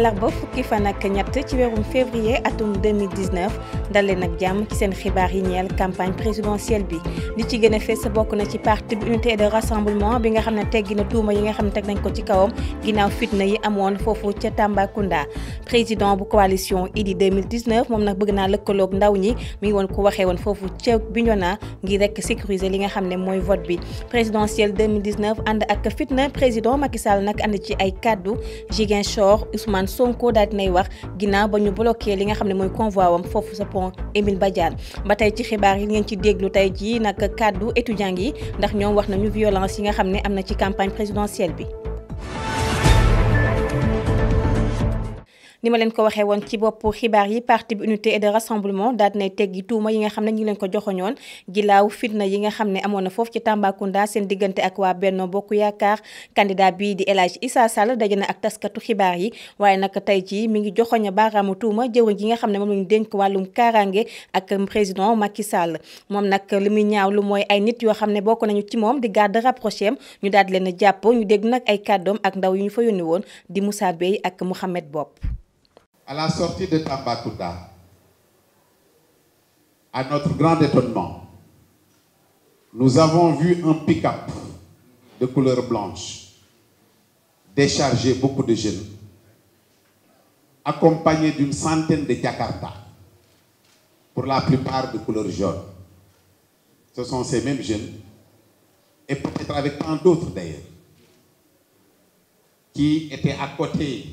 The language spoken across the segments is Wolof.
àllarba fukki fan ak ñett ci weerum février atum 2019 dalee jàmm ci seen xibaar yi ñeel campagne présidentielle bi li ci gën a fees bokk na ci parti bi unité de rassemblement bi nga xam ne teggi na tuuma yi nga xam ne teg nañ ko ci kawam ginnaaw fitna yi amoon foofu ca Tambacounda président bu coalition Idy 2019 moom nag bëgg naa lëkkaloog ndaw ñi mi ngi woon ko waxee woon foofu ca Bignona ngir rek sécuriser li nga xam ne mooy vote bi présidentielle 2019 ànd ak fitna président Macky Sall Sonko daal dinay wax ginnaaw ba ñu bloqué li nga xam ne mooy convoi wam foofu sa pont Émile Badiane ba tey ci xibaar yi ngeen ci déglu tey jii nag kàddu étudiants yi ndax ñoom wax nañu violence yi nga xam ne am na ci campagne présidentielle bi ni ma leen ko waxee woon ci boppu xibaar yi parti bi unité et de rassemblement daal nay teggi tuuma yi nga xam ne ñu leen ko joxoñoon gilaaw fitna yi nga xam ne amoon na foofu ci Tambacounda seen diggante ak waa Benno Bokk Yaakaar candidat bii di El Hadj Issa Sall daje na ak taskatu xibaar yi waaye nag tey jii mi ngi joxoñ a baaraamu tuuma jëwriñ gi nga xam ne moom lañu dénk wàllum kaaraange ak président Macky Sall moom nag li muy ñaaw lu mooy ay nit yoo xam ne bokk nañu ci moom di garde rapproché ñu daal leen jàpp ñu dégg nag ay kàddoom ak ndaw yu ñu fa yónni woon di Moussa Bey ak Mouhamed Bopp à la sortie de Tambacounda, à notre grand étonnement, nous avons vu un pick-up de couleur blanche décharger beaucoup de jeunes, accompagnés d'une centaine de Jakarta, pour la plupart de couleur jaune. Ce sont ces mêmes jeunes, et peut-être avec tant d'autres d'ailleurs, qui étaient à côté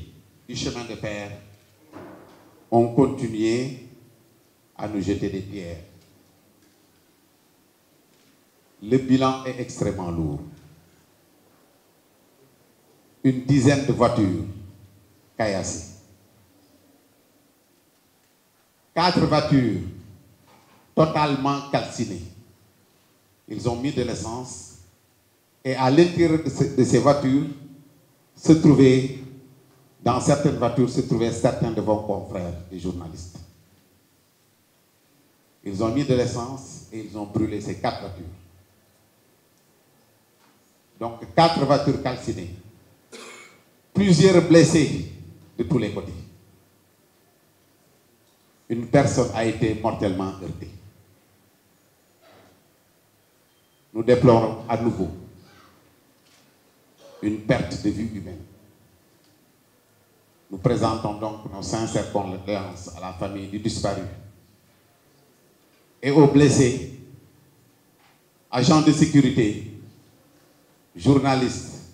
du chemin de fer ont continué à nous jeter des pierres. Le bilan est extrêmement lourd. Une dizaine de voitures caillassées. Quatre voitures totalement calcinées. Ils ont mis de l'essence et à l'intérieur de ces voitures se trouvaient Dans certaines voitures se trouvaient certains de vos confrères et journalistes. Ils ont mis de l'essence et ils ont brûlé ces quatre voitures. Donc quatre voitures calcinées, plusieurs blessés de tous les côtés. Une personne a été mortellement heurtée. Nous déplorons à nouveau une perte de vie humaine. Nous présentons donc nos sincères condoléances à la famille du disparu et aux blessés, agents de sécurité, journalistes,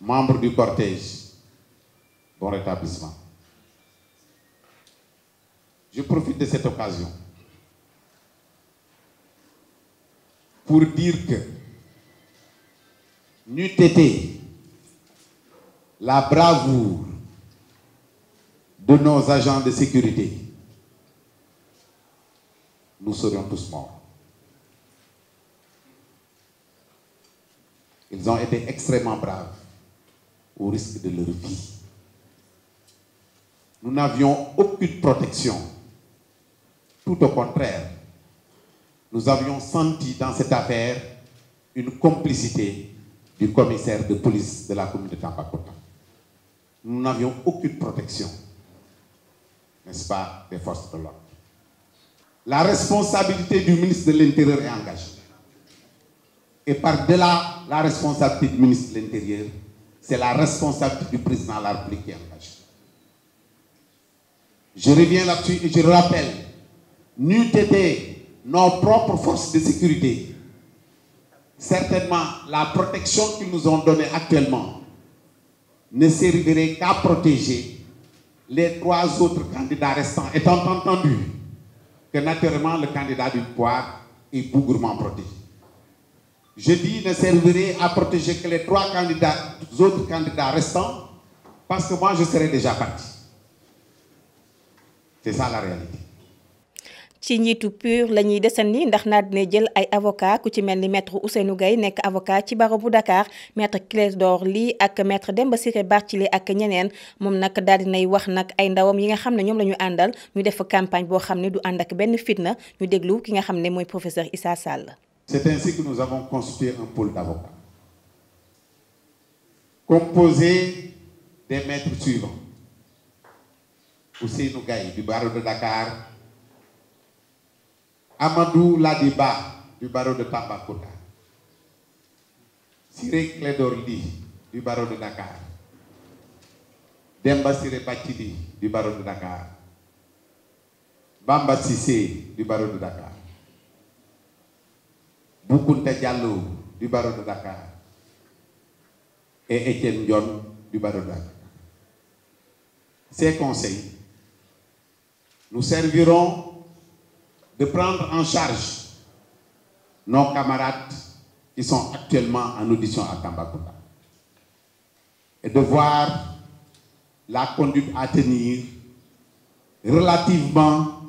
membres du cortège. Bon rétablissement. Je profite de cette occasion pour dire que n'eût été la bravoure de nos agents de sécurité, nous serions tous morts. Ils ont été extrêmement braves au risque de leur vie. Nous n'avions aucune protection. Tout au contraire, nous avions senti dans cette affaire une complicité du commissaire de police de la commune de Tampakota. Nous n'avions aucune protection. n'est-ce pas, des forces de La responsabilité du ministre de l'Intérieur est engagée. Et par-delà la responsabilité du ministre de l'Intérieur, c'est la responsabilité du président de la République qui est engagée. Je reviens là-dessus et je le rappelle, n'eût été nos propres forces de sécurité, certainement la protection qu'ils nous ont donnée actuellement ne servirait qu'à protéger les trois autres candidats restants étant entendu que naturellement le candidat du pouvoir est bougrement protégé. Je dis ne servirai à protéger que les trois candidats, autres candidats restants parce que moi je serai déjà parti. C'est ça la réalité. ci njiitu PUR la ñuy desandi ndax naa dina jël ay avocat ku ci mel ni maître Ousseynou Gueye nekk avocat ci barreau bu Dakar maître Clédor lii ak maître Demba Ciré Barthily ak ñeneen moom nag daal dinay wax nag ay ndawam yi nga xam ne ñoom lañu àndal ñu def campagne boo xam ne du ànd ak benn fitna ñu déglu ki nga xam ne mooy professeur Issa Sall. C'est ainsi Amadou Ladiba du barreau de Tambacounda Siré Clédor Ly du barreau de Dakar Demba Siré Bathily du barreau de Dakar Bamba Cissé du barreau de Dakar Boukounta Diallo du barreau de Dakar et Étienne Dione du barreau de Dakar. Ces conseils nous serviront de prendre en charge nos camarades qui sont actuellement en audition à Tambacounda et de voir la conduite à tenir relativement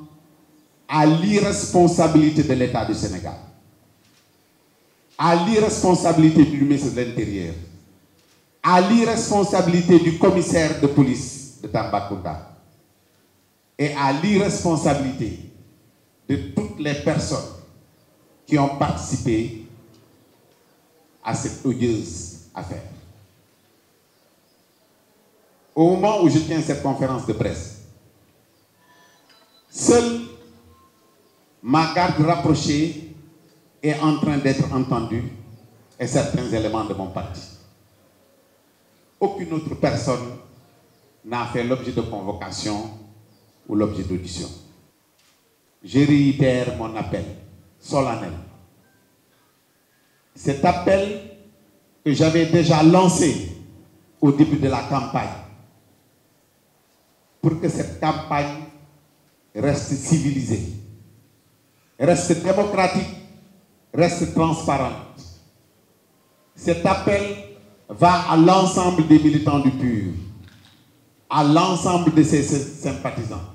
à l'irresponsabilité de l'État du Sénégal, à l'irresponsabilité du ministre de l'Intérieur, à l'irresponsabilité du commissaire de police de Tambacounda et à l'irresponsabilité de toutes les personnes qui ont participé à cette odieuse affaire. Au moment où je tiens cette conférence de presse, seule ma garde rapprochée est en train d'être entendue et certains éléments de mon parti. Aucune autre personne n'a fait l'objet de convocation ou l'objet d'audition. je réitère mon appel solennel. Cet appel que j'avais déjà lancé au début de la campagne pour que cette campagne reste civilisée, reste démocratique, reste transparente. Cet appel va à l'ensemble des militants du PUR, à l'ensemble de ses sympathisants.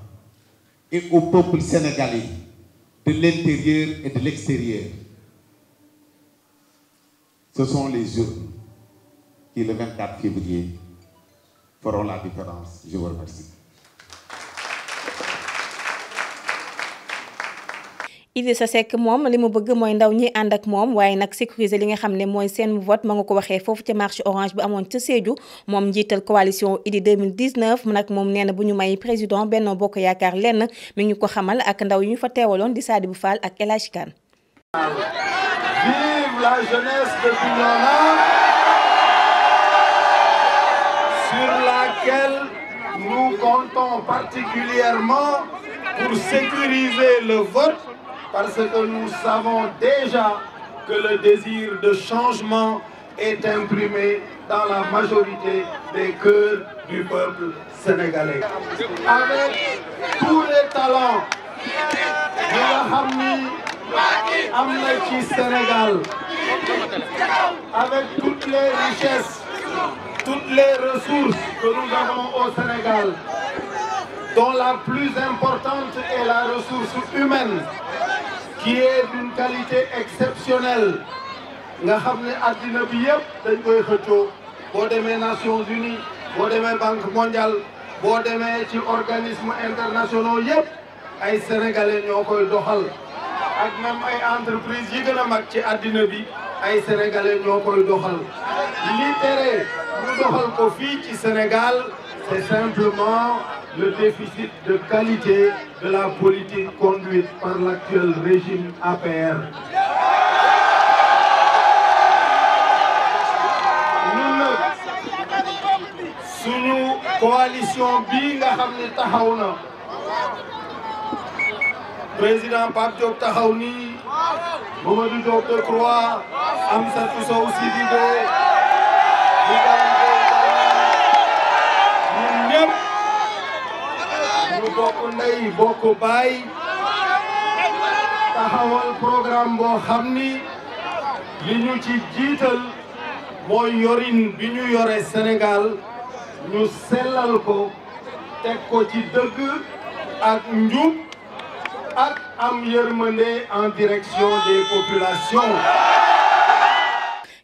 et au peuple sénégalais de l'intérieur et de l'extérieur. Ce sont les urnes qui, le 24 février, feront la différence. Je vous remercie. sa Seck moom li mu bëgg mooy ndaw ñi ànd ak moom waaye nag sécuriser li nga xam ne mooy seen vote ma nga ko waxee foofu ca marché orange bi amoon ca Sédhiou moom njiital coalition Idy 2019 nag moom nee na bu ñu may président Benno Bokk Yaakaar lenn mi ngi ko xamal ak ndaw yu ñu fa teewaloon di Sadibou Fall ak El Hadj sur laquelle nous comptons particulièrement pour sécuriser le vote. parce que nous savons déjà que le désir de changement est imprimé dans la majorité des cœurs du peuple sénégalais. Avec tous les talents yi nga xam ni Sénégal avec toutes les richesses toutes les ressources que nous avons au Sénégal dont la plus importante est la ressource humaine qui est d'une qualité nga xam ne addina bi yëpp dañ koy xëccoo boo demee Nations Unies boo demee Banque mondiale boo demee ci organisme internationaux yëpp ay sénégalais ñoo koy doxal ak même ay entreprise yi gën a mag ci addina bi ay sénégalais ñoo koy doxal li tere doxal ko fii ci Sénégal c'est simplement le déficit de qualité de la politique conduite par l'actuel régime APR. ñun nag suñu coalition bii nga xam ne taxaw na président Pape Diop taxaw nii Mamadou Diop Decroix Amsatou Sow Sidibé bokk ndey bokk baay taxawal programme boo xam ni li ñu ci jiital mooy yorin bi ñu yore Sénégal ñu sellal ko teg ko ci dëgg ak njub ak am yërmande en direction des populations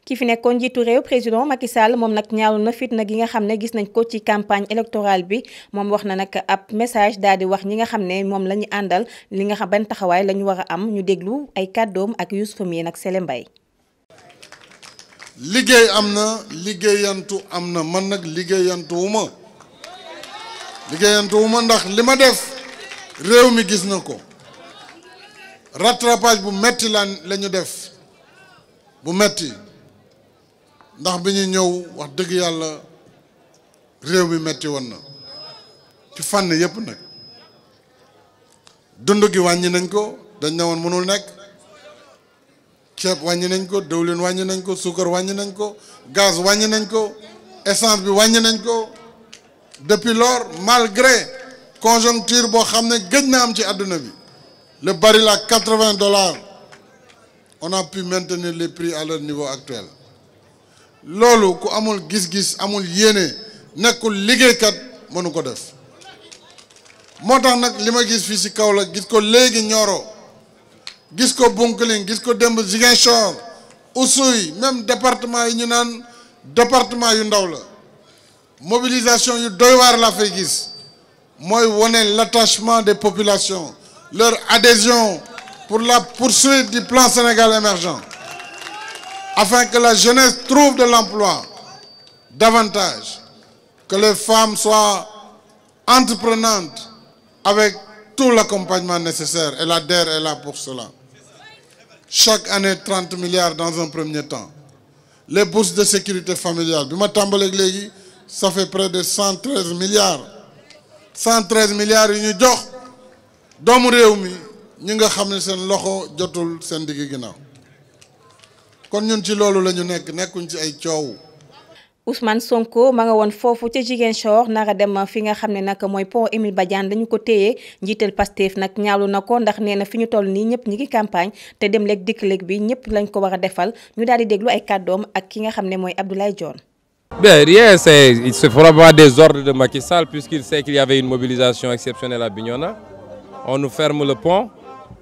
ki fi nekkoon njiitu réew président Macky Sall moom nag ñaawlu na fitna gi nga xam ne gis nañ ko ci campagne électorale bi moom wax na nag ab message daal di wax ñi nga xam ne moom la ñu àndal li nga xam ban taxawaay la ñu war am ñu déglu ay kàddoom ak Youssouf Mien nag Sélé Mbaye liggéey am na liggéeyantu am na man nag liggéeyantu wu ma ndax li ma def réew mi gis na ko rattrapage bu metti la la ñu def bu metti ndax bi ñu ñëw wax dëgg yàlla réew mi metti woon na ci fànn yëpp nag dund gi wàññi nañ ko dañ na woon mënul nekk ceeb wàññi nañ ko dëwlin wàññi nañ ko suukar wàññi nañ ko gaz wàññi nañ ko essence bi wàññi nañ ko depuis lors malgré conjoncture boo xam ne gëj na am ci àdduna bi le baril à quatre-vingts dollars on a pu maintenir les prix à leur niveau actuel loolu ku amul gis-gis amul yéene nekkul liggéeykat mënu ko def moo tax nag li ma gis fii ci kaw la gis ko léegi Nioro gis ko Bounkiling gis ko démb Ziguinchor Oussouye même département yi ñu naan département yu ndaw la mobilisation yu doy waar la fay gis mooy wone l'attachement des populations leur adhésion pour la poursuite du plan Sénégal émergent afin que la jeunesse trouve de l'emploi davantage, que les femmes soient entreprenantes avec tout l'accompagnement nécessaire. Et l'ADER est là pour cela. Chaque année, 30 milliards dans un premier temps. Les bourses de sécurité familiale. Ça fait près de 113 milliards. 113 milliards, ils nous doomu réew mi ñi nga xam ne seen loxo jotul seen digg ginnaaw kon ñun ci loolu la ñu nekk nekkuñ ci ay coow. Ousmane Sonko ma nga woon foofu ca Ziguinchor nara dem fi nga xam ne nag mooy pont Émile Badiane dañu ko téye njiital Pastef nag ñaawlu na ko ndax nee na fi ñu toll nii ñëpp ñi ngi campagne te dem leeg dikk leeg bi ñëpp lañ ko war a defal ñu daal di déglu ay kàddoom ak ki nga xam ne mooy Abdoulaye Dione. Ben rien, c'est c'est des ordres de Macky Sall puisqu'il sait qu'il y une mobilisation exceptionnelle à Bignona. On nous ferme le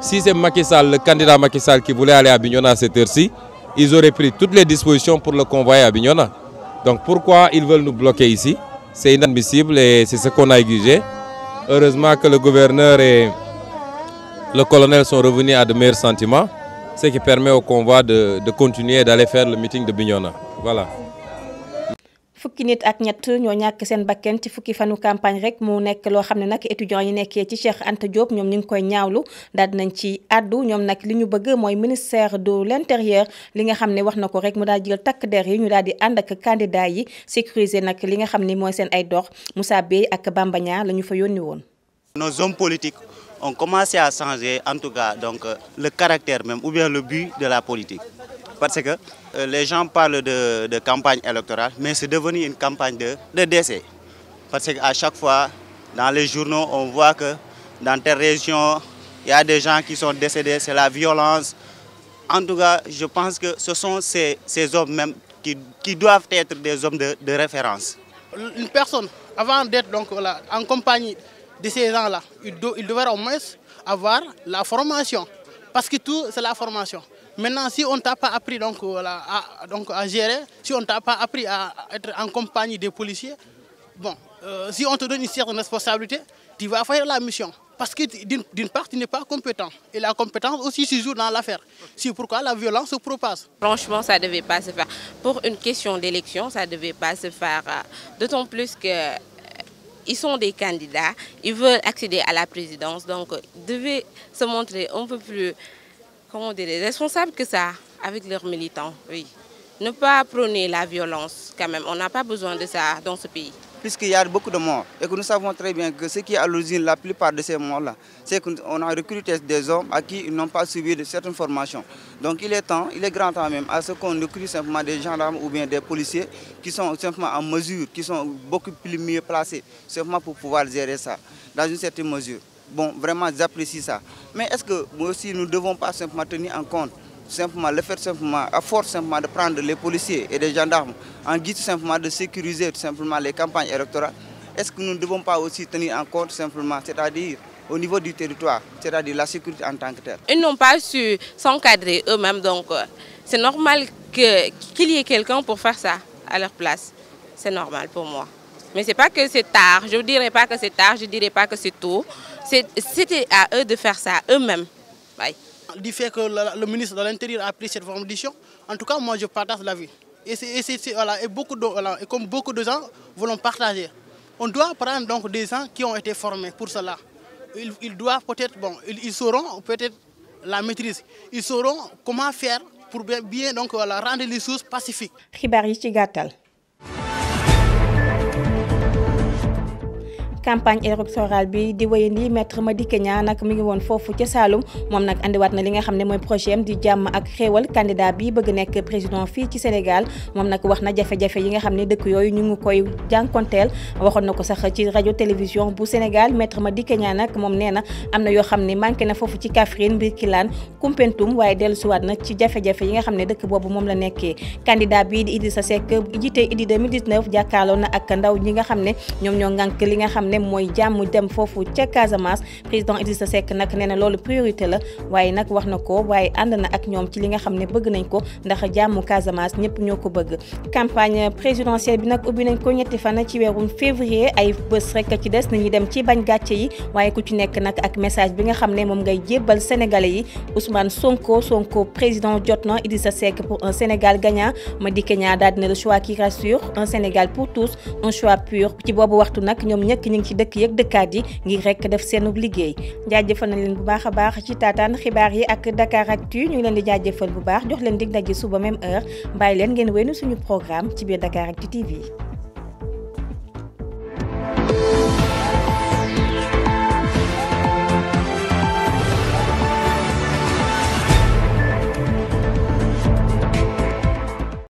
Si c'est Macky Sall, le candidat Macky Sall qui voulait aller à Bignona à cette heure ils auraient pris toutes les dispositions pour le convoyer à Bignona. Donc pourquoi ils veulent nous bloquer ici C'est inadmissible et c'est ce qu'on a exigé. Heureusement que le gouverneur et le colonel sont revenus à de meilleurs sentiments, ce qui permet au convoi de, de continuer d'aller faire le meeting de Bignona. Voilà. fukki nit ak ñett ñoo ñàkk seen bakken ci fukki fanu campagne rek mu nekk loo xam ne nag étudiants yi nekkee ci Cheikh Anta Diop ñoom ñu ngi koy ñaawlu daal dinañ ñoom nag li ñu bëgg mooy ministère de l'intérieur li nga xam ne wax na ko rek mu daal jël takk der yi ñu daal di ànd ak candidat yi sécuriser nag li nga xam ne mooy seen ay dox Moussa Bey ak Bamba Niang la ñu fa yónni woon. nos hommes politiques ont commencé à changer en tout cas donc le caractère même ou bien le but de la politique. parce que euh, les gens parlent de, de campagne électorale, mais c'est devenu une campagne de, de décès. Parce qu'à chaque fois, dans les journaux, on voit que dans telle région, il y a des gens qui sont décédés, c'est la violence. En tout cas, je pense que ce sont ces, ces hommes même qui, qui, doivent être des hommes de, de référence. Une personne, avant d'être donc là, en compagnie de ces gens-là, il, il devrait au moins avoir la formation. Parce que tout, c'est la formation. Maintenant, si on ne t'a pas appris donc, voilà, euh, à, donc, gérer, si on ne t'a pas appris à être en compagnie des policiers, bon, euh, si on te donne une certaine responsabilité, tu vas faire la mission. Parce que d'une part, tu n'es pas compétent. Et la compétence aussi se joue dans l'affaire. C'est pourquoi la violence se propage. Franchement, ça ne devait pas se faire. Pour une question d'élection, ça ne devait pas se faire. Euh, d'autant que euh, ils sont des candidats, ils veulent à la présidence, donc ils devaient se montrer un peu plus comment dire, responsables que ça avec leurs militants, oui. Ne pas prôner la violence quand même, on n'a pas besoin de ça dans ce pays. Puisqu'il y a beaucoup de morts et que nous savons très bien que ce qui est la plupart de ces morts-là, c'est qu'on a recruté des hommes de certaines formations. il est temps, il est grand temps même à qu'on recrute simplement des gendarmes ou bien des policiers qui sont simplement en mesure, qui sont beaucoup plus mieux placés, pour pouvoir Bon, vraiment, j'apprécie ça. Mais est-ce que nous ne devons pas simplement tenir en compte, simplement le faire simplement, à force simplement de prendre les policiers et les gendarmes, en guise simplement de sécuriser tout simplement les campagnes électorales Est-ce que nous ne devons pas aussi tenir en compte simplement, c'est-à-dire au niveau du territoire, c'est-à-dire la sécurité en tant que telle Ils n'ont pas su s'encadrer eux-mêmes, donc euh, c'est normal qu'il qu y ait ça à leur place. C'est normal pour moi. Mais C'était à eux de faire ça eux-mêmes. Bye. Du fait que le, le ministre de l'Intérieur a pris cette formation, en tout cas, moi, je partage l'avis. Et, et, comme beaucoup de gens voulons partager, on doit prendre donc des gens qui ont été formés pour cela. Ils, ils doivent peut-être, bon, ils, ils peut-être la maîtrise. Ils sauront comment faire pour bien, donc, voilà, rendre les choses pacifiques. campagne électorale bi di wéy nii maître Madické Niang nag mi ngi woon foofu ca Saloum moom nag andiwaat na li nga xam ne mooy projet am di jàmm yi nga xam ne dëkk boobu moom la nekkee candidat bii di Idrissa Seck jiite Idy 2019 jàkkaarloo na ak ndaw ñi nga xam ne ñoom ñoo ngànk li nga xam ne mooy jàmm dem foofu ca Casamance président Idrissa Seck nag nee na loolu priorité la waaye nag wax na ko waaye ànd na ak ñoom ci li nga xam ne bëgg nañ ko ndax jàmm Casamance ñëpp ñoo ko bëgg campagne présidentielle bi nag ubbi nañ ko ñetti fan ci weerum février ay bés rek ci des ñu dem ci bañ gàcce yi waaye ku ci nekk nag ak message bi nga xam ne moom ngay jébbal sénégalais yi Ousmane Sonko Sonko président jot na Idrissa Seck pour un Sénégal Sénégal pour tous un choix pur ci boobu jigéen ci dëkk yeeg dëkkaat yi ngi rek def seenub liggéey jaajëfal nañ leen bu baax a baax ci taataan xibaar yi ak Dakaractu ñu ngi leen di jaajëfal bu baax jox leen dig daje suba même heure bàyyi leen ngeen wéynu suñu programme ci biir Dakaractu yi